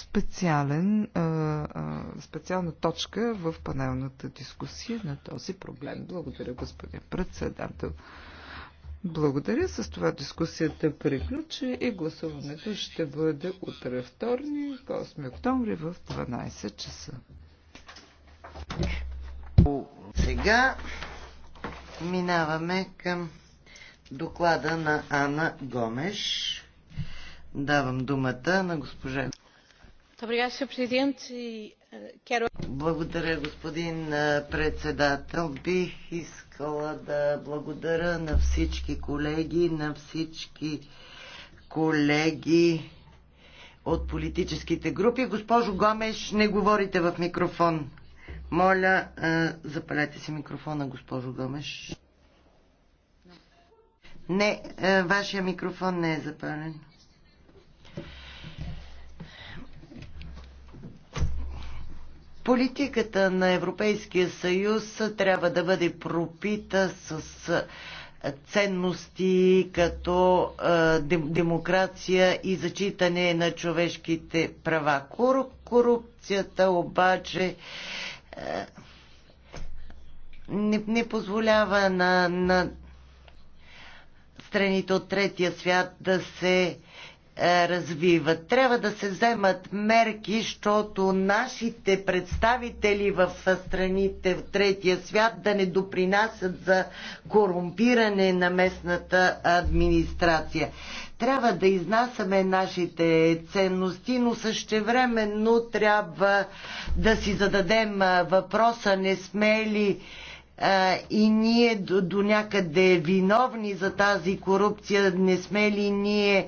специален, специална точка в панелната дискусия на този проблем. Благодаря, господин председател. Благодаря. С това дискусията приключи и гласуването ще бъде утре вторник, 8 октомври в 12 часа. Сега минаваме към доклада на Ана Гомеш. Давам думата на госпожа E, eh, благодаря, господин председател. Бих искала да благодаря на всички колеги, на всички колеги от политическите групи. Госпожо Гомеш, не говорите в микрофон. Моля, запалете си микрофона, госпожо Гомеш. Не, вашия микрофон не е запален. Политиката на Европейския съюз трябва да бъде пропита с ценности като демокрация и зачитане на човешките права. Корупцията обаче не, не позволява на, на страните от третия свят да се е, развиват. Трябва да се вземат мерки, защото нашите представители в страните в третия свят да не допринасят за корумпиране на местната администрация. Трябва да изнасяме нашите ценности, но същевременно трябва да си зададем въпроса, не сме ли и ние до, до някъде виновни за тази корупция, не сме ли ние,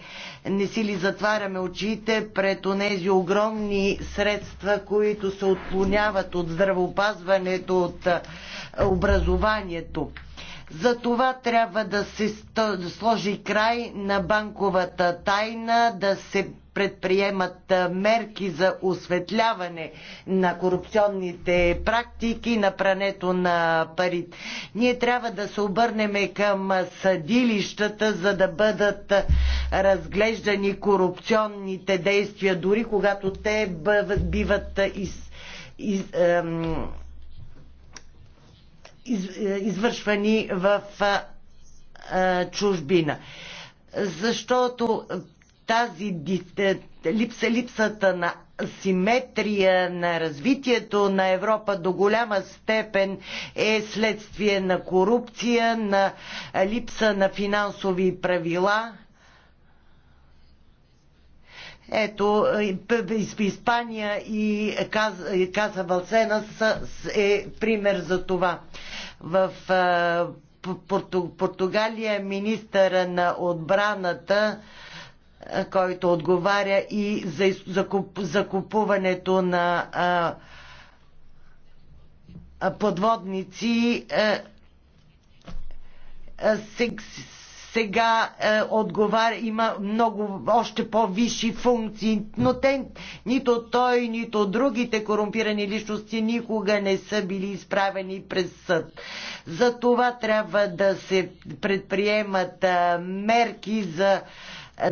не си ли затваряме очите пред онези огромни средства, които се отклоняват от здравеопазването, от образованието. За това трябва да се сложи край на банковата тайна, да се предприемат мерки за осветляване на корупционните практики, на прането на пари. Ние трябва да се обърнеме към съдилищата, за да бъдат разглеждани корупционните действия, дори когато те биват из, из, из, е, извършвани в а, чужбина. Защото тази е, липса, липсата на симетрия на развитието на Европа до голяма степен е следствие на корупция, на липса на финансови правила ето, Испания и Каза, Валсена е пример за това. В Порту, Португалия е министъра на отбраната който отговаря и за, за, за купуването на а, подводници а, сега е, отговаря, има много още по-висши функции, но те, нито той, нито другите корумпирани личности никога не са били изправени през съд. За това трябва да се предприемат е, мерки за е,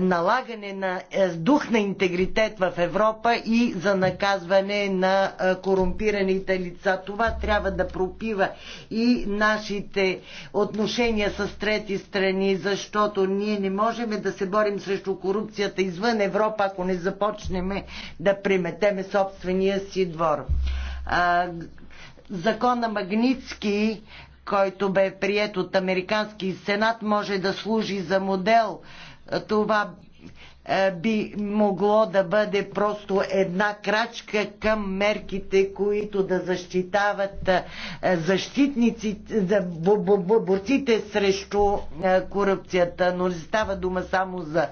налагане на е, дух на интегритет в Европа и за наказване на е, корумпираните лица. Това трябва да пропива и нашите отношения с трети страни, защото ние не можем да се борим срещу корупцията извън Европа, ако не започнем да приметеме собствения си двор. Закона Магницки който бе прият от Американски сенат, може да служи за модел това е, би могло да бъде просто една крачка към мерките, които да защитават е, защитниците, борците срещу е, корупцията. Но не става дума само за,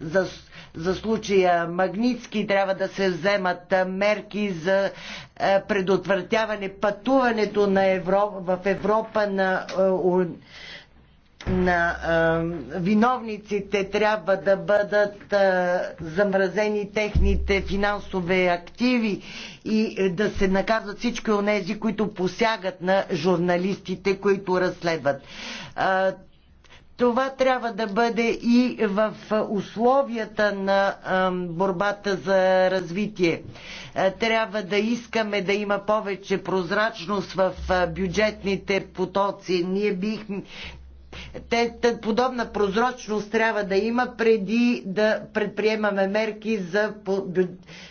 за, за случая Магницки. Трябва да се вземат мерки за предотвратяване пътуването на Европа, в Европа на на е, виновниците трябва да бъдат е, замразени техните финансови активи и е, да се наказват всички тези, които посягат на журналистите, които разследват. Е, това трябва да бъде и в условията на борбата за развитие. Трябва да искаме да има повече прозрачност в бюджетните потоци. Ние бих, те, подобна прозрачност трябва да има преди да предприемаме мерки за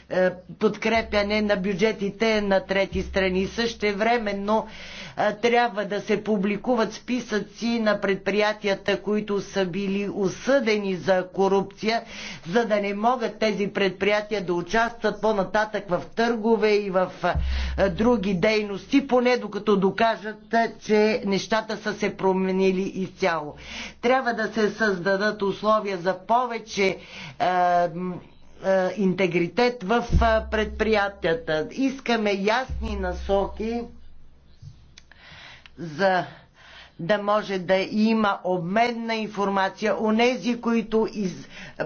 е, подкрепяне на бюджетите на трети страни. Същевременно е, трябва да се публикуват списъци на предприятията, които са били осъдени за корупция, за да не могат тези предприятия да участват по-нататък в търгове и в е, други дейности, поне докато докажат, че нещата са се променили изцяло цяло. Трябва да се създадат условия за повече е, е, интегритет в е, предприятията. Искаме ясни насоки за да може да има обмен на информация. Онези, които из...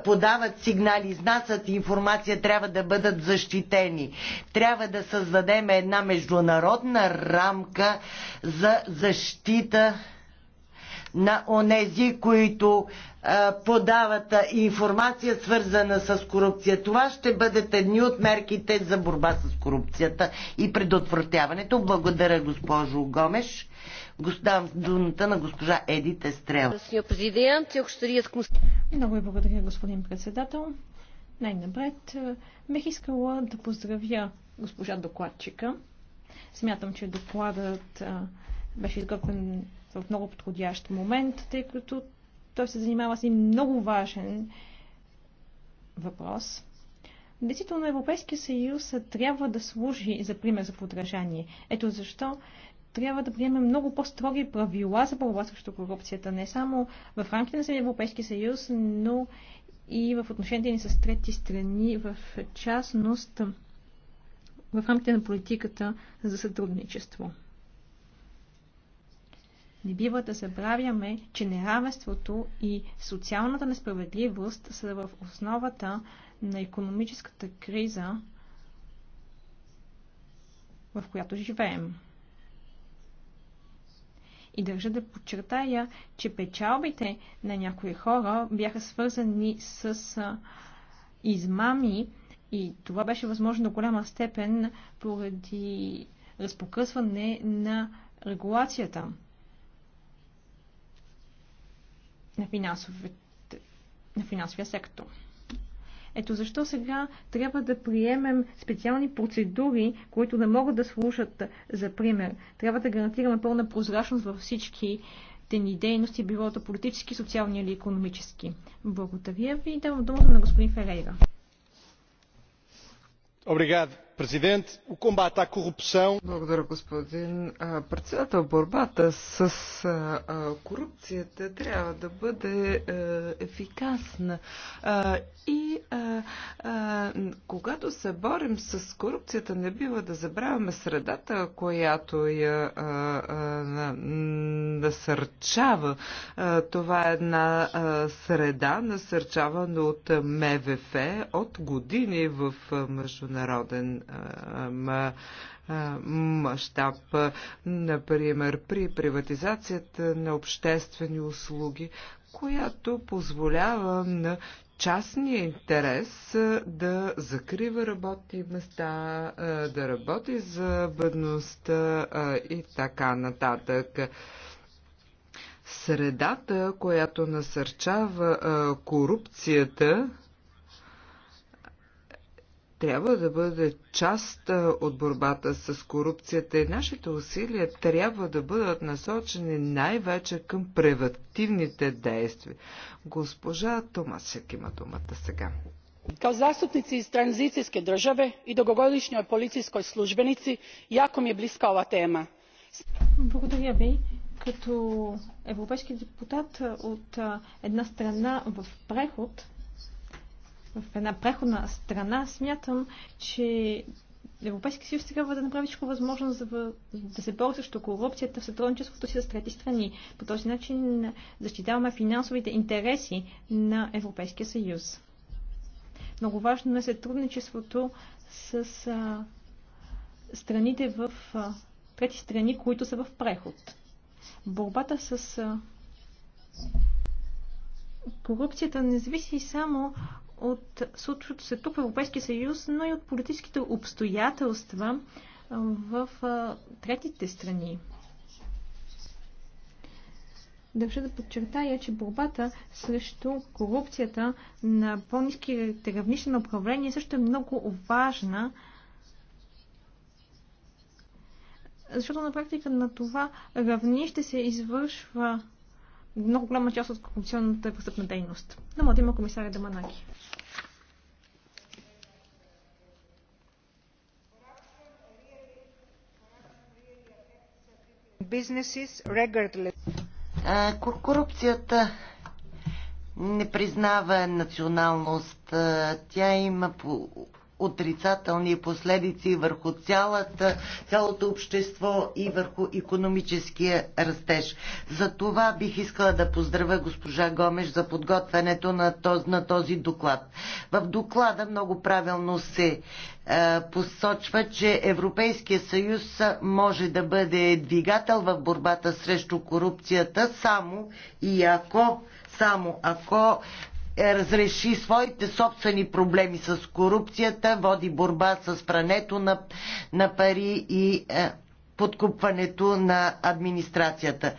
подават сигнали, изнасят информация, трябва да бъдат защитени. Трябва да създадем една международна рамка за защита на онези, които подават информация свързана с корупция. Това ще бъдат едни от мерките за борба с корупцията и предотвратяването. Благодаря, госпожо Гомеш. Давам думата на госпожа Едите Стрел. Много ви благодаря, господин председател. Най-напред бих искала да поздравя госпожа докладчика. Смятам, че докладът беше изготвен в много подходящ момент, тъй като той се занимава с един много важен въпрос. Действително Европейския съюз трябва да служи за пример за подражание. Ето защо трябва да приемем много по-строги правила за борба срещу корупцията, не само в рамките на Европейския съюз, но и в отношенията ни с трети страни, в частност в рамките на политиката за сътрудничество. Не бива да забравяме, че неравенството и социалната несправедливост са в основата на економическата криза, в която живеем. И държа да подчертая, че печалбите на някои хора бяха свързани с измами и това беше възможно до голяма степен поради разпокъсване на регулацията на, на финансовия сектор. Ето защо сега трябва да приемем специални процедури, които да могат да служат за пример. Трябва да гарантираме пълна прозрачност във всички ни дейности, било то политически, социални или економически. Благодаря ви и давам думата на господин Ферейра. Обригад. Благодаря, господин председател. Борбата с корупцията трябва да бъде ефикасна. И когато се борим с корупцията, не бива да забравяме средата, която я насърчава. Това е една среда, насърчавана от МВФ от години в международен мащаб, например при приватизацията на обществени услуги, която позволява на частния интерес да закрива работни места, да работи за бедността и така нататък. Средата, която насърчава корупцията, трябва да бъде част от борбата с корупцията и нашите усилия трябва да бъдат насочени най-вече към превативните действия. Госпожа Томасек има думата сега. Као заступници из транзицијске државе и dugogodišnjoj полицијској службеници, јако ми je близка ова тема. Благодаря ви. Като европейски депутат от една страна в преход, в една преходна страна, смятам, че Европейския съюз трябва да направи всичко възможно за да се бори срещу корупцията в сътрудничеството си с трети страни. По този начин защитаваме финансовите интереси на Европейския съюз. Много важно е сътрудничеството с а, страните в а, трети страни, които са в преход. Борбата с а, корупцията не зависи само от случващото се тук в Европейския съюз, но и от политическите обстоятелства в третите страни. Държа да подчертая, че борбата срещу корупцията на по-низки равнища на управление също е много важна, защото на практика на това равнище се извършва много голяма част от корупционната престъпна дейност. да има комисаря Даманаки. Корупцията не признава националност. Тя има отрицателни последици върху цялата, цялото общество и върху економическия растеж. За това бих искала да поздравя госпожа Гомеш за подготвянето на този, на този доклад. В доклада много правилно се е, посочва, че Европейския съюз може да бъде двигател в борбата срещу корупцията само и ако само ако е, разреши своите собствени проблеми с корупцията, води борба с прането на, на пари и е, подкупването на администрацията.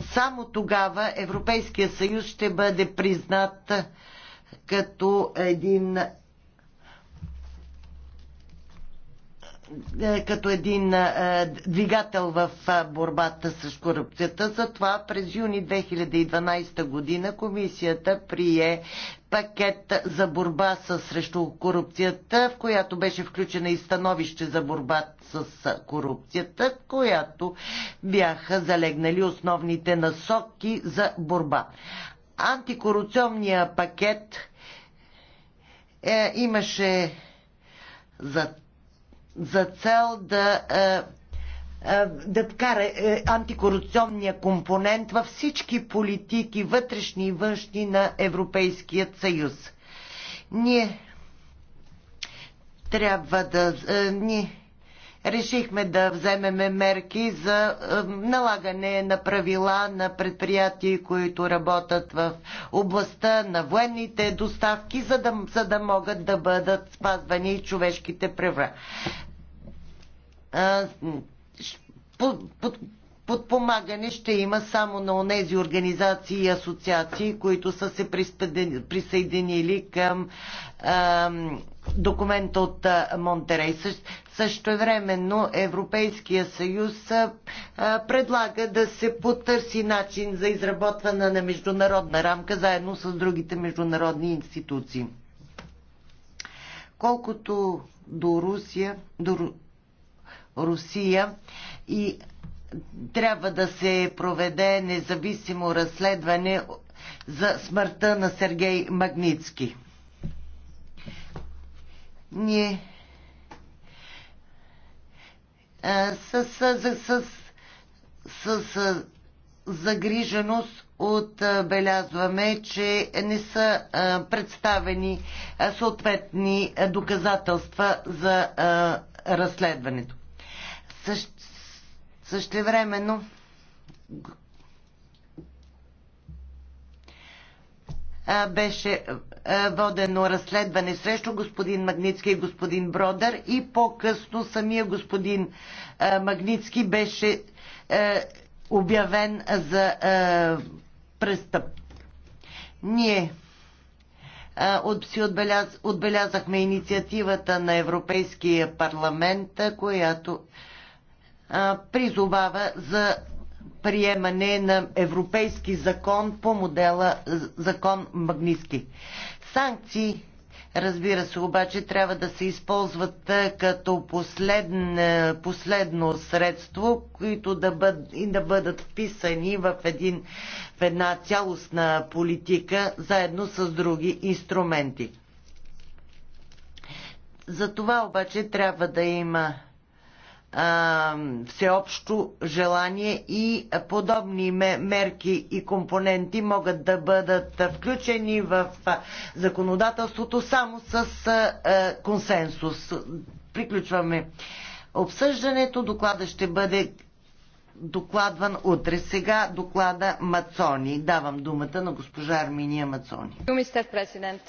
Само тогава Европейския съюз ще бъде признат като един Е, като един е, двигател в е, борбата с корупцията. Затова през юни 2012 година комисията прие пакет за борба с, срещу корупцията, в която беше включена и становище за борба с корупцията, в която бяха залегнали основните насоки за борба. Антикорупционния пакет е, имаше за за цел да е, е, да вкара е, антикорупционния компонент във всички политики, вътрешни и външни на Европейският съюз. Ние трябва да... Ние решихме да вземеме мерки за налагане на правила на предприятия, които работят в областта на военните доставки, за да, за да могат да бъдат спазвани човешките права подпомагане ще има само на онези организации и асоциации, които са се присъединили към документа от Монтерей. също Същевременно Европейския съюз предлага да се потърси начин за изработване на международна рамка заедно с другите международни институции. Колкото до Русия, до Русия и трябва да се проведе независимо разследване за смъртта на Сергей Магницки. Ние с, с, с, с, с загриженост отбелязваме, че не са представени съответни доказателства за разследването. Същ, същевременно беше водено разследване срещу господин Магницки и господин Бродър и по-късно самия господин Магницки беше обявен за престъп. Ние от, си отбеляз, отбелязахме инициативата на Европейския парламент, която призовава за приемане на европейски закон по модела закон Магниски. Санкции, разбира се, обаче трябва да се използват като последн, последно средство, които да, бъд, и да бъдат вписани в, един, в една цялостна политика, заедно с други инструменти. За това обаче трябва да има всеобщо желание и подобни мерки и компоненти могат да бъдат включени в законодателството само с консенсус. Приключваме обсъждането. Доклада ще бъде докладван утре. Сега доклада Мацони. Давам думата на госпожа Арминия Мацони. Мистер президент.